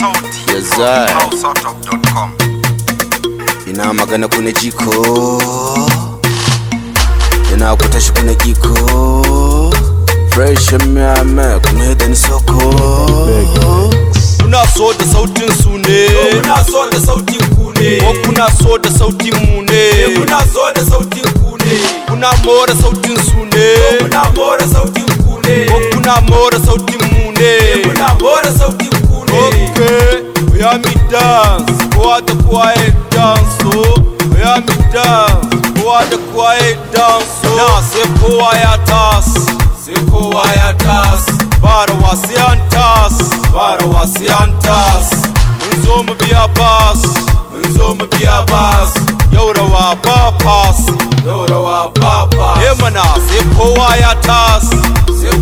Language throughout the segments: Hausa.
da zai ina magana kuna jiko ina ku tashi kuna kiko fresh miyame kuma hidden soko kuna so da sautin su ne kuna so da sautin ku ne ko kuna so da sautin mu ne kuna so da sautin ku ne kuna mora sautin su ne kuna mora sautin ku ne kuna mora sautin mune, ne kuna mora sautin Yeah, me dance, what a quiet dance, oh. Yeah, me dance, what a quiet dance, oh. Nah, say quiet us, say quiet us. Barwasian tas, Barwasian tas. Unzoom be a bass, unzoom be a bass. Yoda wa papas, Yoda wa papas. Yemana, say quiet us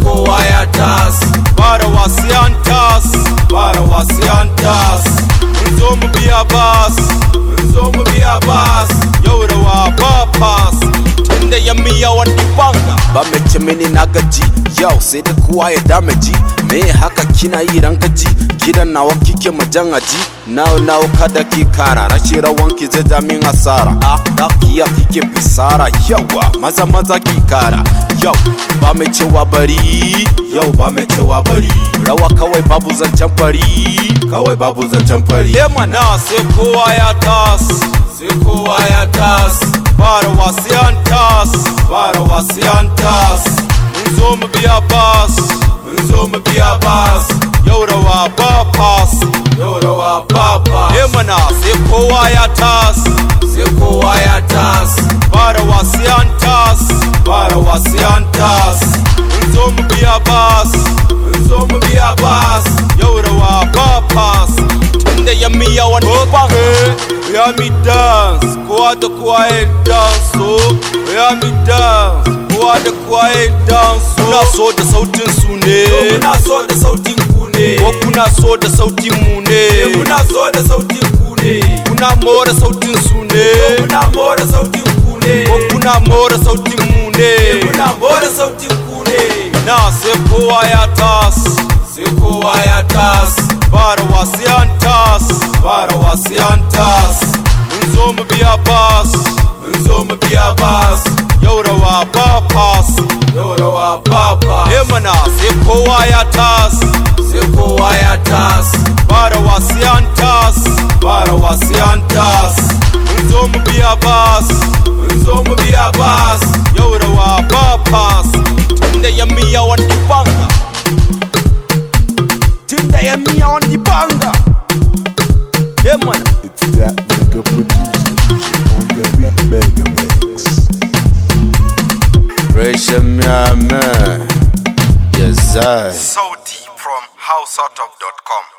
kuwayatas varawasiantas varawasiantas rizomubiabas rizomubiabas yaurawa papas tendeyamiyawandipanga ba mace mini na gaji yau sai da kowa ya dame ji me haka kina yi ran gaji gidan nawa kike majan aji nawa nawa kada ki kara rashi rawan ki zai dami asara a dakiya kike fisara yawa maza maza ki kara yau ba mai cewa bari yau ba mai cewa bari rawa kawai babu zancen fari kawai babu zancen fari lema eh na sai kowa ya tas sai kowa ya tas fara wasiyan tas fara wasiyan zoma biya bas zoma biya bas yorawa ba pas yorawa ba pas emana se kowa ya tas se kowa ya tas bara wasian tas bara wasian tas zoma biya bas zoma biya bas yorawa ba pas tende yamiya wan pa yami dance kwa to kwa dance so oh. yami dance da kwaye dan su na so da sautin su ne na so da sautin ku ne ko kuna so da sautin mu ne eh, kuna so da sautin ku ne kuna mora sautin su ne eh, kuna mora sautin ku ne ko kuna mora sautin mu ne eh, kuna mora sautin ku ne na sai kowa ya tas sai kowa ya tas bara wasiyan tas bara wasiyan tas mun zo mu biya bas mun zo mu biya bas Yoda wa papas. Yoda wa papas. Emana, sipo wa yatas. Sipo wa yatas. Bara wa siantas. Bara wa siantas. Uzomu biya bas. Uzomu biya bas. Yoda wa papas. Tinde ya miya wa nipanga. Tinde ya miya wa nipanga. Yes, I. So deep from howsortof.com.